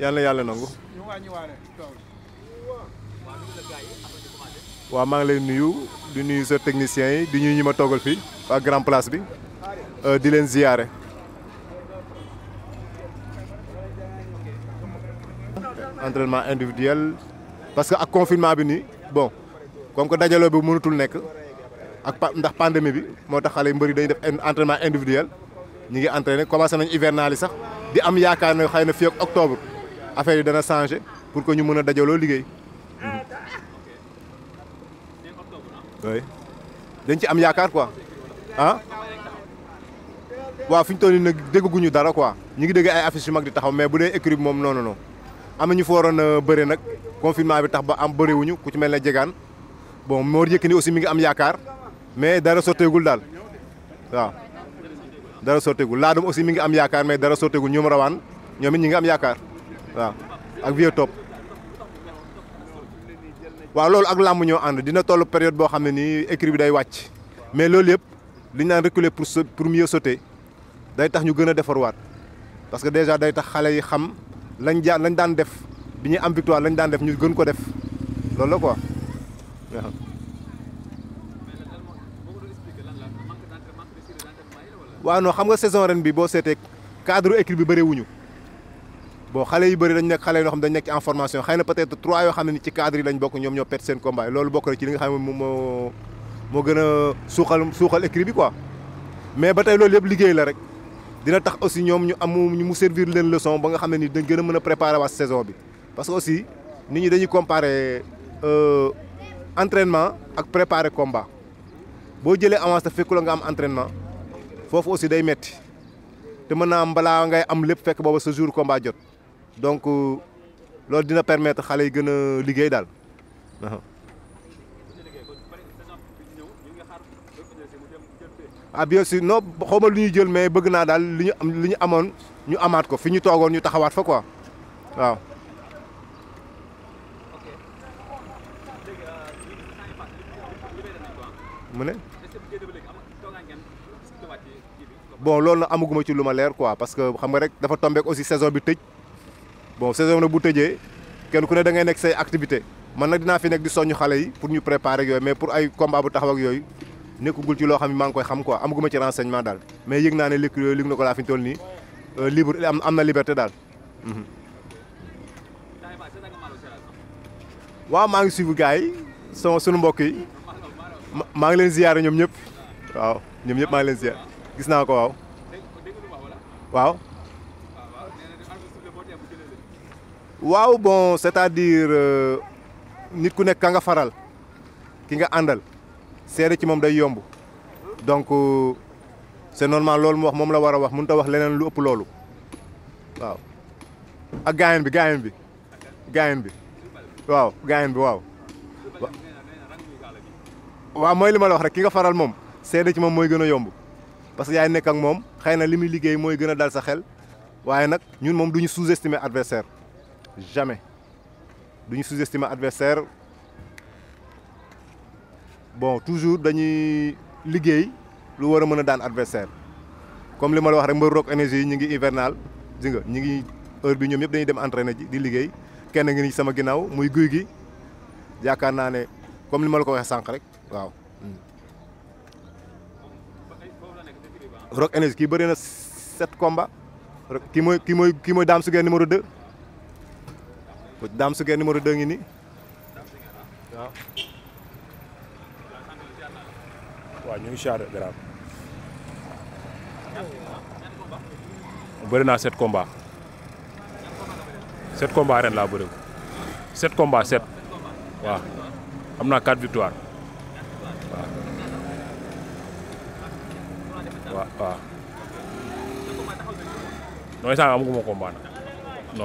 yàlla yàlla nangu. waaw maa ngi lay nuyu di nuyu sa techniciens yi di ñuy ñi ma toogal fii grand place bi euh, di leen ziyaare. entraînement individuel parce que ak confinement bi nii bon comme que dajaloo bi mënatul nekk ak ndax pandémie bi moo tax xale yu mbëri dañuy def entraînement individuel ñu ngi entraîné commencé nañu hivernal yi sax. di am yaakaar ne xëy na fii ak octobre affaire yi dana changé pour que ñu mën a dajaloo liggéey. Hmm. oui dañ ci am yaakaar quoi ah waaw fi ñu toll nii nag dégguñu dara quoi ñu ngi dégg ay affiches yu mag di taxaw mais bu dee écrit bi moom noonu no am na ñu fa waroon bëre nag confinement bi tax ba am bëriwuñu ku ci mel ne jegaan bon Mor Yékini aussi mi ngi am yaakaar mais dara sotteegul daal waaw. dara sotteegul laadum aussi mi ngi am yaakaar mais dara sotteegul ñoom rawaan ñoom it ñi ngi am yaakaar waaw ak vieux top waaw loolu ak làmb ñoo ànd dina toll période boo xam ne ni écrit bi day wàcc mais loolu yëpp li ñu naan reculer pour pour mieux sauter day tax ñu gën a defarwaat parce que déjà day tax xale yi xam lañ ja lañ daan def bi ñuy am victoire lañ daan def ñu gën ko def loolu la ko waaw waaw non xam nga saison ren bi boo seetee cadre équipe bi bëri wuñu bon xale yu bëri dañ nekk xale yoo xam dañ nekk en formation xëy na peut-être trois yoo xam ne ci cadre yi lañ bokk ñoom ñoo perte seen combat moo gën a suuxal suuxal équipe bi quoi mais ba tey loolu yëpp liggéey la rek dina tax aussi ñoom ñu am mu servir leen leçon ba nga xam ne ni dañ gën a mën a préparer waa saison bi parce que aussi nit ñi dañuy comparer euh, entraînement ak préparer combat boo jëlee avance te nga am entraînement foofu aussi day metti te mën naa am balaa ngay am lépp fekk booba sa jour combat jot donc loolu dina permettre xale yi gën a liggéey daal waaw. ah bien sûr ma lu ñu jël mais bëgg naa daal li ñu am li ñu amoon ñu amaat ko fi ñu toogoon ñu taxawaat fa ko waaw. mu ne. bon loolu na amaguma ci lu ma leer quoi parce que xam nga rek dafa tombeek aussi saison bi tëj bon saison na bu tëjee kenn ku ne da ngay nekk say activité man nag dinaa fi nekk di soññu xale yi pour ñu préparer ak yooyu mais pour ay combat bu taxaw ak yooyu nekkugul ci loo xam ne maa ngi koy xam quoi amaguma ci renseignement daal mais yëg naa ne léegi yooyu lig na ko laa fi ñu toll nii euh, libre am na liberté daal mhm. waaw maa ngi suivre gars yi sama sunu mbokk yi maa ngi leen ziyaare ñoom ñëpp waaw ñoom ñëpp maa ngi leen ziyaare gis naa ko waaw. waaw. bon c'est-à-dire euh, nit ku nekk ka nga faral ki nga àndal seere ci moom day yomb donc euh, c'est normal loolu mu wax moom la war a wax mënut a wax leneen lu ëpp loolu waaw. ak gaayen bi gaayen bi gaayen bi waaw gaayen bi waaw. waaw mooy li ma la wax rek ki nga faral moom seede ci moom mooy gën a yomb. parce que yaay nekk ak moom xëy na li muy liggéey mooy gën daal sa xel waaye nag ñun moom du ñu sous-estimer adversaire jamais du ñu sous-estimer adversaire bon toujours dañuy liggéey lu war a mën a daan adversaire comme li ma la wax rek mbër Rock Énergie yi ñu ngi hivernal di nga ñu ngi heure bi ñoom ñëpp dañuy dem na ji di liggéey kenn ngi ni sama ginnaaw muy guy gi yaakaar naa ne comme li ma ko waxee sànq rek waaw. Rock Energie kii bëri na sept kii mooy kii mooy kii mooy Dame Suguer numéro 2 Dame Suguer numéro 2 ngi nii waaw. waaw ñu ngi si laa bëri sept combat sept waaw am naa victoire. waaw waaw. non instant bii amaguma combat nag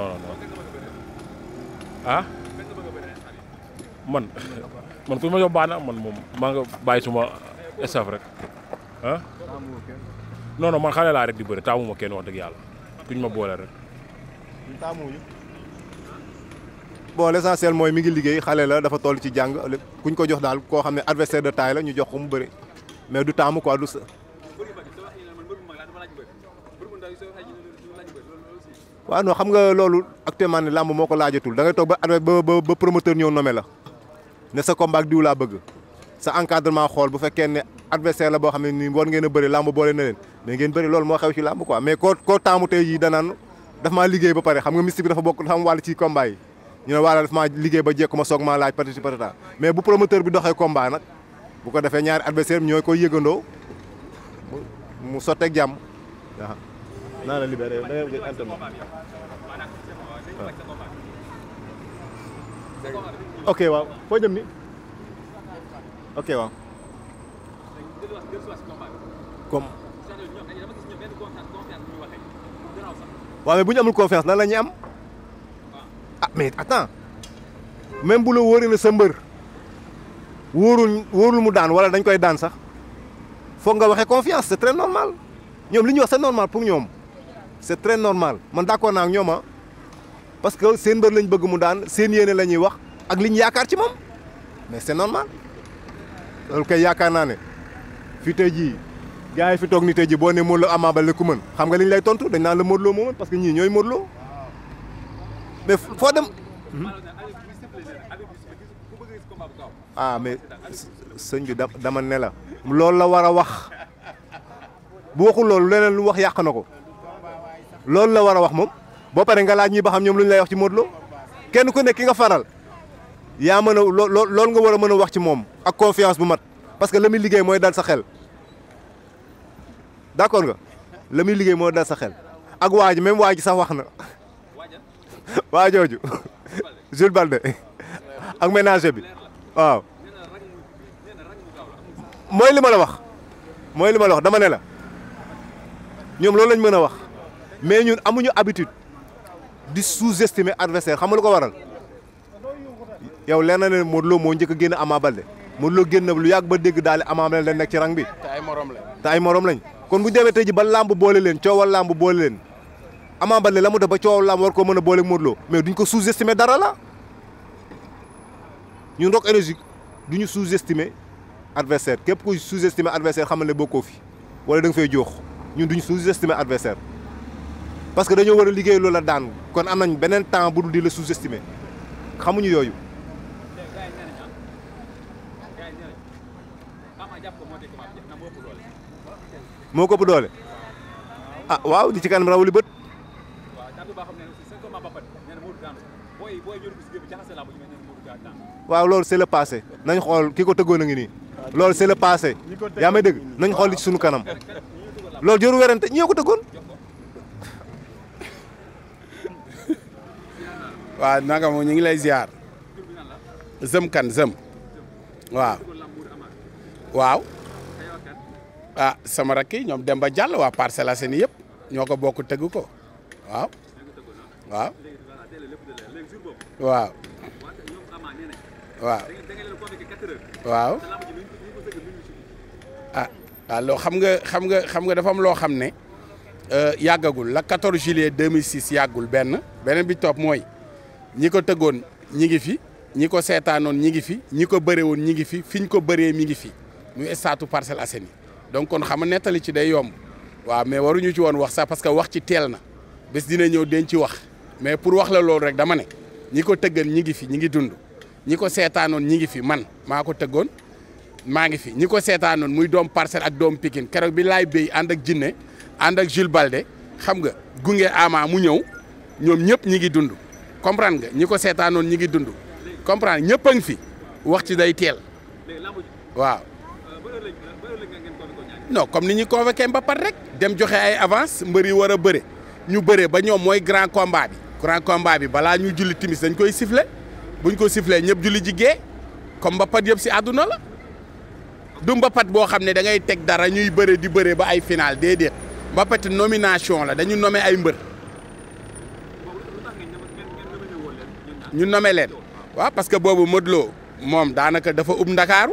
non non man man na man moom maa nga bàyyi suma staff rek ah. non non man xale laa rek di bëri taamuma kenn wax dëgg yàlla kuñ ma boole rek. taamuñu. bon l' mooy mi ngi liggéey xale la dafa toll ci jàng kuñ ko jox daal koo xam ne adversaire de taille la ñu jox ko mu bëri mais du taamu quoi du sa. waaw non xam nga loolu actuellement ne làmb moo ko laajatul da ngay toog ba ba ba promoteur ñëw nommé la ne sa combat ak diw laa bëgg sa encadrement xool bu fekkee ne adversaire la boo xam ne ni war ngeen a bëri làmb boole na leen mais ngeen bëri loolu moo xew ci làmb quoi mais koo koo taamu tey danaan daf maa liggéey ba pare xam nga mystique bi dafa bokk dafa am wàll ci combat yi ñu ne maa liggéey ba jekku ma soog maa laaj patati patata mais bu promoteur bi doxee combat nag bu ko defee ñaari adversaire bi ñooy koy yëgandoo mu sotteeg jàmm naa la libéré da ah. ok waaw foo jëm ni ok waaw. comme. waaw mais bu ñu amul confiance nan la am. ah mais attends même bu la wóoree ne sa mbër wóorul wóorul mu daan wala dañ koy daan sax foog nga waxe confiance c'est très normal ñoom li ñu wax sa normal pour ñoom. c'est très normal man d'accord naa ak ñoom ah. parce que seen mbër lañ bëgg mu daan seen yéene la ñuy wax ak liñ yaakaar ci moom mais c'est normal loolu kay yaakaar naa ne fi tey jii gars yi fi toog ni tey boo ne Modou Lo Ama Baldé mën xam nga liñ lay tontu dañ naan la Modou Lo moo mën parce que ñii ñooy foo dem. Hmm? ah mais sëñ bi ne la. loolu la war a wax bu waxul loolu leneen lu wax yàq na ko. loolu la war a wax moom boo pare nga laaj ñi ba xam ñoom lu ñu lay wax ci Modou Lo kenn ku nekk ki nga faral yaa mën a loo loolu nga war a mën a wax ci moom ak confiance bu mat parce que la muy liggéey mooy dal sa xel d'accord nga la muy liggéey mooy dal sa xel ak waa ji même waa ji sax wax na waa jooju Jules Balde ak ménager bi waaw mooy li ma la wax mooy li ma la wax dama ne la ñoom loolu lañ mën a wax mais ñun amuñu habitude di sous-estimer adversaire xam nga lu ko waral yow leer na ne Modou Lo moo njëkk a génn Ama Baldé Modou Lo génn lu yàgg ba dégg daal Ama Baldé la nekk ci rang bi. te ay morom lañ te morom lañ kon bu ñu demee tey ji ba làmb boole leen coowal làmb boole leen Ama la mu def ba coow laam war koo mën a boole Modou Lo mais duñ ko sous-estimer dara la ñun Rock Énergie duñu sous-estimer adversaire képp kuy sous-estimer adversaire xamal ne bokkoo fi wala da fay joox ñun duñu sous-estimer adversaire parce que dañoo war a liggéey loola daan kon am nañ beneen temps bu dul di la sous-estimer xamuñu yooyu. moo ko doole. a ah, waaw di ci kanam rawuli bët. waaw loolu c'est le passé nañ xool ki ko tëggoon ngi nii. loolu c'est le passé. yaa may dëgg nañ xool li ci sunu kanam. loolu jëru werante ñoo ko tëggoon. waaw naka moom ñu ngi lay ziar zëm kan zëm waaw waaw a ah, sama rakk yi ñoom Demba Diallo waa Parcelles Assainies yëpp ñoo ko bokk tëgg ko waaw waaw waaw waaw waaw ah, ah, loo xam nga xam nga xam nga dafa am loo xam ne euh, yàggagul la 14 juillet 2006 yàggul benn beneen bi topp mooy ñi ko tëggoon ñi ngi fi ñi ko seetaanoon ñi ngi fi ñi ko bëree woon ñi ngi fi fi ñu ko bëree mi ngi fi muy statu Parcelles Assainies donc kon xam nga nettali ci day yomb waaw mais waruñu ci woon wax sax parce que wax ci teel na bés dina ñëw den ci wax mais pour wax la loolu rek dama ne ñi ko tëggal ñi ngi fi ñi ngi dund ñi ko seetaanoon ñi ngi fi man maa ko tëggoon maa ngi fi ñi ko seetaanoon muy doom Parcelles ak doom pikin keroog bi laay béy ànd ak Jinne ànd ak Jules xam nga gunge Ama mu ñëw ñoom ñëpp ñi ngi dund comprendre nga ñi ko seetaanoon ñi ngi dund comprendre ñëpp a ngi fi wax ci day teel waaw non comme ni ñu convoqué Mbapat rek dem joxe ay avance mbër yi war a bëre ñu bëre ba ñoom mooy grand combat bi grand combat bi balaa ñu julli timis dañ koy siffler buñ ko siffler ñëpp julli jigee comme Mbapat yëpp si àdduna la du Mbapat boo xam ne da ngay teg dara ñuy bëre di bëre ba ay final déedéet Mbapat nomination la dañu nome ay mbër ñu nommé leen waaw parce que boobu Modou moom daanaka dafa ub ndakaaru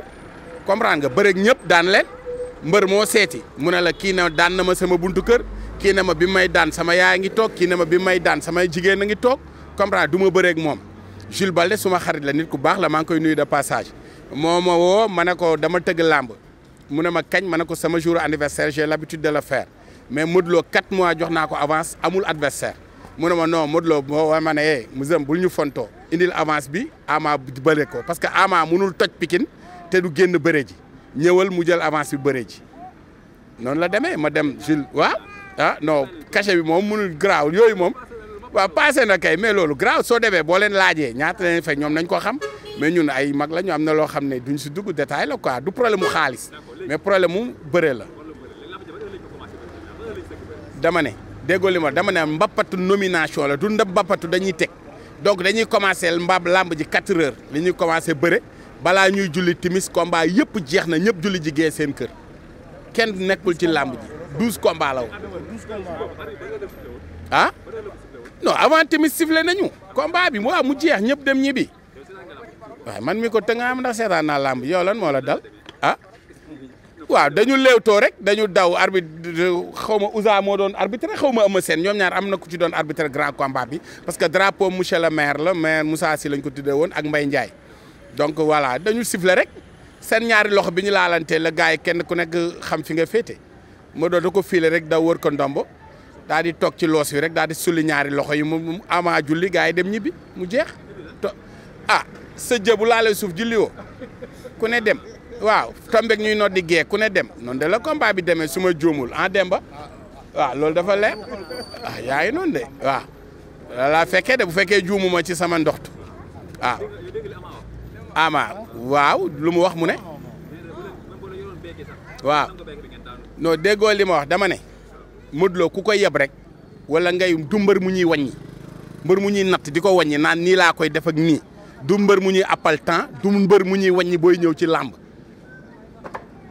comprendre nga bëreeg ñëpp daan leen mbër moo seeti mu ne la kii na daan na ma sama buntu kër kii na ma bi may daan sama yaay ngi toog kii na ma bi may daan samay jigéen a ngi toog comprendre du ma bëreek moom Jules Balde suma xarit la nit ku baax la maa ngi koy nuyu de passage moo ma woo ma ne ko dama tëgg làmb mu ne ma kañ ma ne ko sama jour anniversaire j'ai l'habitude de le faire mais Modou Lo quatre mois jox naa ko avance amul adversaire mu ne ma non Modou Lo moo ma ne eh Mouzem bul ñu fontoo indil avance bi Ama bëre ko parce que Ama munul toj Pikine te du génn bëre ji ñëwal mu jël avance bi bëre ji noonu la demee ma dem Jules waaw ah non cachet bi moom munul graawul yooyu moom waaw passé na kay mais loolu graaw soo demee boo leen laajee ñaata leen fe ñoom nañ ko xam mais ñun ay mag la ñu am na loo xam ne duñ si dugg détail la quoi du problème xaalis mais problème mu bëre la dama déggoo li ma dama ne mbappatu nomination la du ndab mbappatu dañuy teg donc dañuy commencé mbab làmb ji 4 heures li commencé bëre balaa ñuy julli timis combat yëpp jeex na ñëpp julli ji gee seen kër kenn nekkul ci làmb ji 12 combat la woon ah non avant timis sifflé nañu combat bi waaw mu jeex ñëpp dem ñibbi waaye man mi ko tëngaam ndax seetaan na làmb yow lan moo la dal. waaw dañu léewtoo rek dañu daw arbitre xaw ma Ousa moo doon arbitre xaw ma Eumeu seen ñoom ñaar am na ku ci doon arbitre grand combat bi parce que drapeau monsieur le maire la maire Moussa si lañ ko tuddee woon ak Mbaye Ndiaye donc voilà dañu siffler rek seen ñaari loxo bi ñu laalantee la gars yi kenn ku nekk xam fi nga féete ma doon da ko fiile rek daw wër ko ndombo daal di toog ci loos wi rek daal di sulli ñaari loxo yi mu ama julli gars yi dem ñibbi mu jeex to ah sa jëbu laalee suuf julli woo ku waaw tombek ñuy noddi gee ku ne dem noonu de la combat bi demee su ma juumul en ah, demba waaw loolu dafa leer ah yaa ngi noonu de waaw laa fekkee de bu fekkee juumuma ci sama ndoxtu waaw ah. ama waaw lu mu wax mu ne waaw non li ma wax dama ne Modou ku koy yeb rek wala ngay du mbër mu ñuy wàññi mbër mu ñuy natt di ko wàññi naan nii laa koy def nii du mbër mu ñuy appal temps du mbër mu ñuy wàññi booy ñëw ci làmb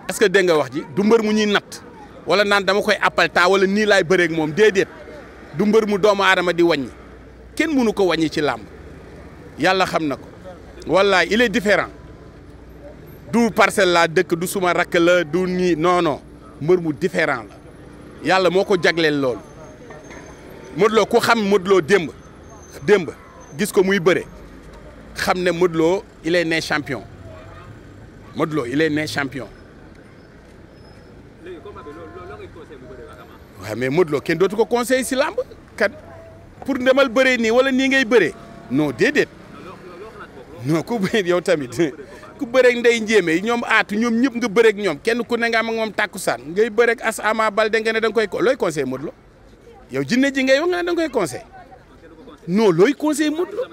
parce que dégg nga wax ji du mbër mu ñuy natt wala naan dama koy appal temps wala nii laay moom déedéet dumbar mu doomu aadama di wàññi kenn mënu ko wàññi ci làmb yàlla xam na ko wallaay il est différent du parcelle la dëkk du suma rakk la du nii non non mbër mu différent la yàlla moo ko jagleel loolu Modou Lo ku xam Modou démb démb gis ko muy bëre xam ne Modou Lo il est né champion Modou Lo il est né champion waaw mais Modou kenn dootu ko conseil si làmb kat pour demal bëree nii wala nii ngay bëree noo déedéet non ku bëri yow tamit ku bëreeg ndey njéeme ñoom aatu ñoom ñëpp nga bëreek ñoom kenn ku ne nga am ak saan ngay bëreeg as ama bal de nga ne da nga koy looy conseil Modou Lo yow jinne ji ngay wax nga ne da nga koy conseil non looy conseil Modou Lo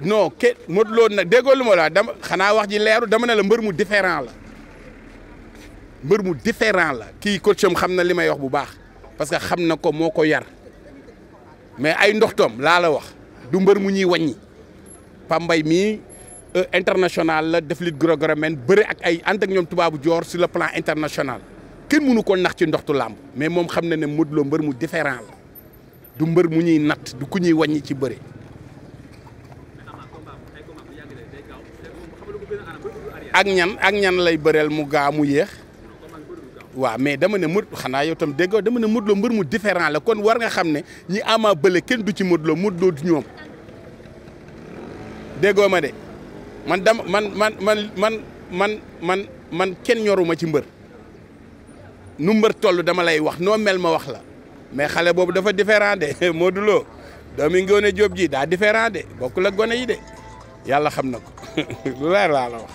non ke Modou nag déggoo lu ma la dama xanaa wax ji leeru dama ne la mbër mu différent la mbër mu différent la kii coacham xam na li may wax bu baax parce que xam na ko moo ko yar mais ay ndoxtoom laa la wax du mbër mu ñuy wàññi Pambay mii euh, international la def lutte gréco-romaine ak ay ànd ñoom tubaabu joor sur le plan international kenn munu ko nax ci ndoxtu làmb mais moom xam na ne Modou Lo mbër mu différent la du mbër mu ñuy natt du ku ñuy wàññi ci bëre. ak ñan ak ñan lay bëreel mu gaa mu yéex. waaw mais dama ne Modou xanaa yow tam déggoo dama ne Modou Lo mu différent la kon war nga xam ne ñi Ama Baldé kenn du ci Modou Lo Modou Lo du ñoom déggoo ma de man dama man man man man man man man kenn ñoruma ci mbër nu mbër toll dama lay wax noo mel ma wax la mais xale boobu dafa différent de Modou Lo doomi Ngoné Diop ji daa différent de bokk la gone yi de yàlla xam na ko lu leer laa wax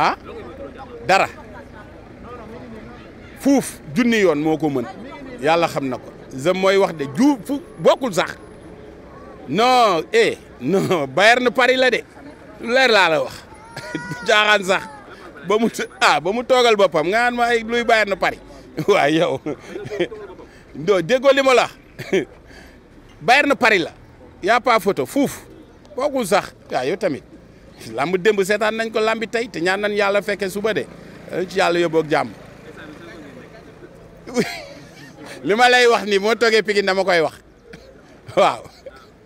ah dara fuuf junni yoon moo ko mën yàlla xam na ko je mooy wax de ju fu bokkul sax non eh non Bayern la de leer laa wax du jaaxaan ba mu ah ba mu toogal boppam nga xam ma ay eh, luy Bayern Paris waaye yow do déggoo li ma la Bayern Paris la y a làmb demb seetaan nañ ko lambi tey te ñaan nañ yàlla fekke suba de ci yàlla yóbboog jàmm li lay wax ni moo toogee Pikine dama koy wax waaw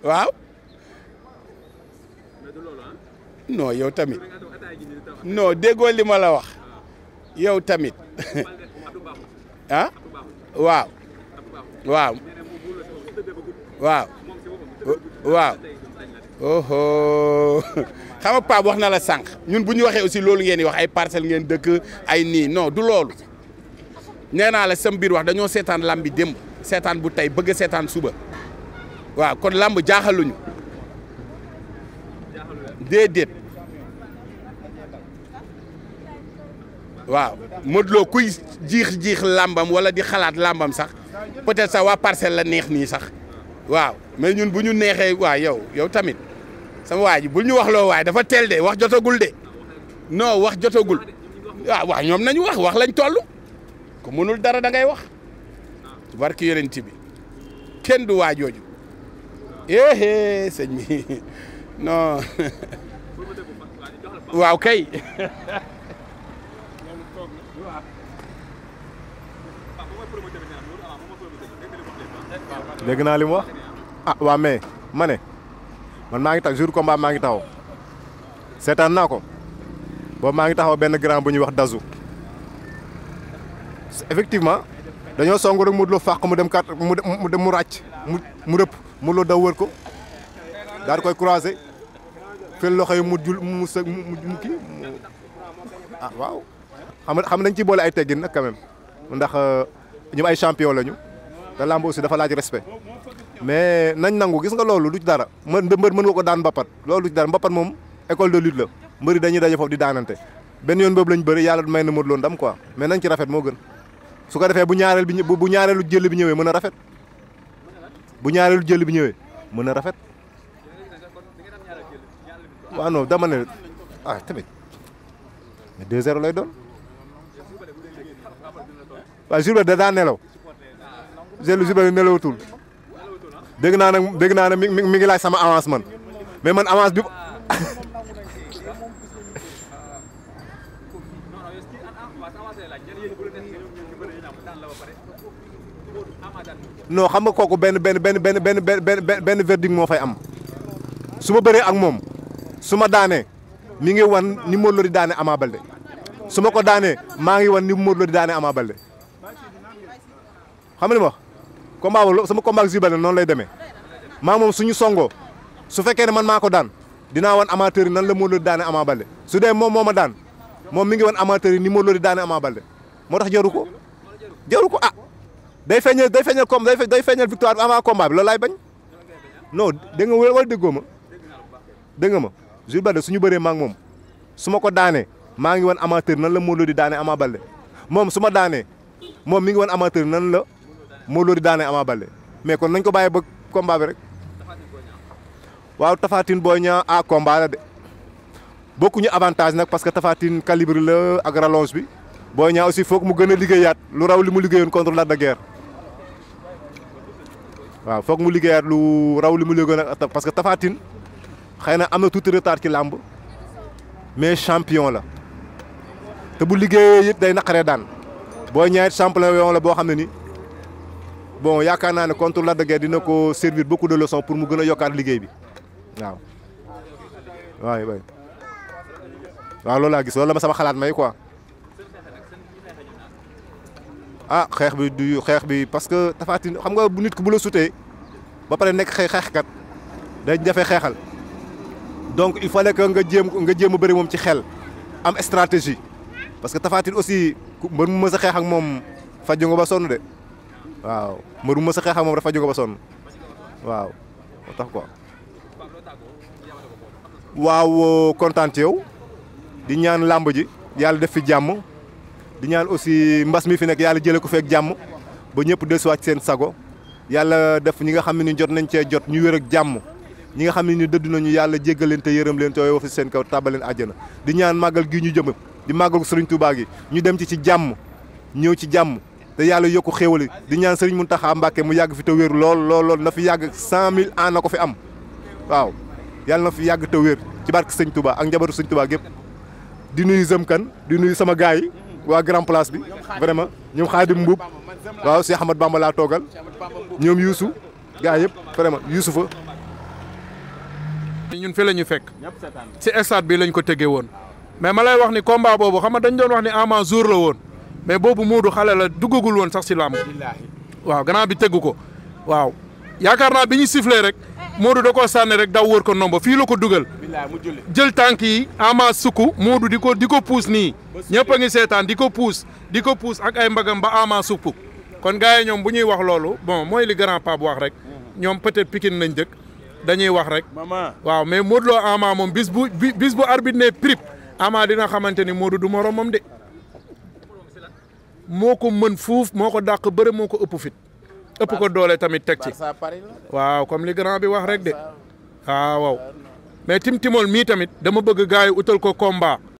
waaw non yow tamit non déggoo li la wax yow tamit ah waaw waaw waaw waaw oho xam nga Pape wax na la sànq ñun bu ñu waxee aussi loolu ngeen di wax ay parcelles ngeen dëkk ay nii no du loolu nee naa la sam wax dañoo seetaan lamb dem seetaan bu tey bëgg seetaan suba waaw kon lamb jaaxaluñu déedéet waaw Modou Lo kuy jiix jiix làmbam wala di xalaat làmbam sax peut-être sax waa parcelle la neex nii sax waaw mais ñun bu ñu neexee waa yow yow tamit. sama waa ji bul ñu wax loo waay dafa teel de wax jotagul de non wax jotagul waaw ñoom nañu wax wax lañ toll ku mënul dara da ngay wax barki yonent bi kenn du waa jooju éé eh, eh, sëñ bi non waaw kay dégg naa li wax ah waa mais man maa ngi tax jour combat maa ngi taxaw seetaan naa ko boobu maa ngi taxaw benn grand bu ñuy wax dazu effectivement dañoo song rek mu loo fàq mu dem kat mu dem mu ràcc mu mu rëpp mu loo daw wër ko daal koy croisé fël loxo yi mu jul mu së mu kii ah waaw xam xam nañ ci boole ay teggin nag quand même ndax euh, ñoom ay champion lañu te lamb aussi dafa laaj respect mais nañ nangu gis nga loolu du ci dara mbër mën nga ko daan mbapat loolu du ci dara mbapat moom école de lutte la mbëri dañuy daje foofu di daanante benn yoon boobu lañ bëri yàlla may na Modou Lo ndam quoi mais nañ ci rafet moo gën su ko defee bu ñaareel bi bu ñaareelu jël bi ñëwee mën a rafet bu ñaareelu jël bi ñëwee mën a rafet waaw non dama ne ah tamit mais 2-0 lay doon waaw Jules da daa nelaw Jules da nelawatul dégg naa nag dégg naa ne mi mi ngi laaj sama avance man mais man avance bi. non xam nga kooku benn benn benn benn benn benn benn verdict moo fay am su ma bëree ak moom su ma daanee mi ngi wan ni Modou Lo di daane Ama Baldé su ma ko daanee maa ngi wan ni Modou Lo di daane Ama Baldé xam nga li ma wax combat boobu sama combat ak noon noonu lay demee maa moom suñu songoo su fekkee ne man maa ko daan dinaa wan amateur nan la Modou Lo daane amaa bale su dee moom moo ma daan moom mi ngi amateur ni Modou Lo di daane Ama Baldé moo tax jaru ko jaru ko ah day feeñal day feeñal comme day feeñal bi avant combat bi loolu laay bañ non nga wala déggoo ma ma Jules suñu bëree maa moom su ma ko daanee maa ngi wan amateur nan la Modou Lo di daane moom su ma daanee moom mi ngi wan amateur nan la Modou Lô di daane Ama Baldé mais kon nañ ko bàyyi ba combat bi rek waaw Tafatine Boy Niang à ah, combat la de bokkuñu avantage nag parce que Tafatine calibre la ak rallonge bi Boy Niang aussi foog mu gën a liggéeyaat lu raw li mu liggéeyoon contre Lac waaw foog mu liggéeyaat lu raw li mu liggéeyoon ak parce que Tafatine xëy na am na tuuti retard ci làmb mais champion la te bu liggéeyee yëpp day naqaree daan boo Niang it champion la boo xam ne ni. bon yaakaar naa ne contre Lac de dina ko servir beaucoup de leçons pour mu gën a yokkaat liggéey bi waaw. waay waay waaw loolu laa gis loolu la ma sama xalaat may quoi ah xeex bi du xeex bi parce que Tapha Tine xam nga bu nit ko bu sutee ba pare nekk xeex xeexkat day jafe xeexal donc il fallait que nga jéem nga jéem a bëri moom ci xel am stratégie parce que tafaatin aussi mbër mu mës a xeex ak moom fajjo nga ba sonn de. waaw mbër mu mës a xeex ak moom dafa ba sonn waaw moo waaw kontaan ci di ñaan làmb ji yàlla def fi jàmm di ñaan aussi mbas mi fi nekk yàlla jëlee ko feek jàmm ba ñëpp desuwaat seen sago yàlla def ñu nga xam ne ni jot nañ cee jot ñu wér ak jàmm ñi nga xam ne ni dëdd nañu yàlla jéggal te yërëm leen te woyof ci seen kaw tàbbal leen àjjana di ñaan màggal gi ñu jëm di màggal ko Sëriñ Tuubaa gi ñu dem ci ci jàmm ñëw ci jàmm te yàlla yokku xéewali di ñaan mu taxa Mbacké mu yàgg fi te wér lool lool lool na fi yàgg cent mille ans na ko fi am waaw yàlla na fi yàgg te wér ci barke Sëñ Touba ak njabootu Sëñ Touba gépp di nuyu Zem Kane di nuyu sama gars yi waa grand place bi vraiment ñoom Xaadim Mbuub waaw Cheikh Ahmad Bamba laa toogal ñoom Youssou gaa yëpp vraiment Youssoufa. ñun fi la ñu fekk si stade bi lañ ko tegee woon mais ma lay wax ni combat boobu xam nga dañ doon wax ni Ama jour la woon. mais boobu Modou xale la duggagul woon sax si làmb waaw gannaaw bi tëgg ko waaw yaakaar naa bi ñu sifflé rek Modou da koo sànni rek daw wër ko nomba fii la ko dugal jël tànk yi ama sukku Modou di ko di ko puus nii ñëpp ngi seetaan di ko puus di ko puus ak ay mbagam ba ama sukku kon gars yi ñoom bu ñuy wax loolu bon mooy li grand pape wax rek mhm. ñoom peut-être Pikine nañ dëkk dañuy wax rek waaw mais Modou Lo ama moom bis bu bis bu arbitre ne prip ama dina xamante ni Modou du moroomam de moo ko mën fuuf moo ko dàq bëre moo ko ëpp fit ëpp ko doole tamit teg ci waaw comme li grand bi wax rek de ah, waaw waaw mais Tim Timol mii tamit dama bëgg gars yi utal ko combat.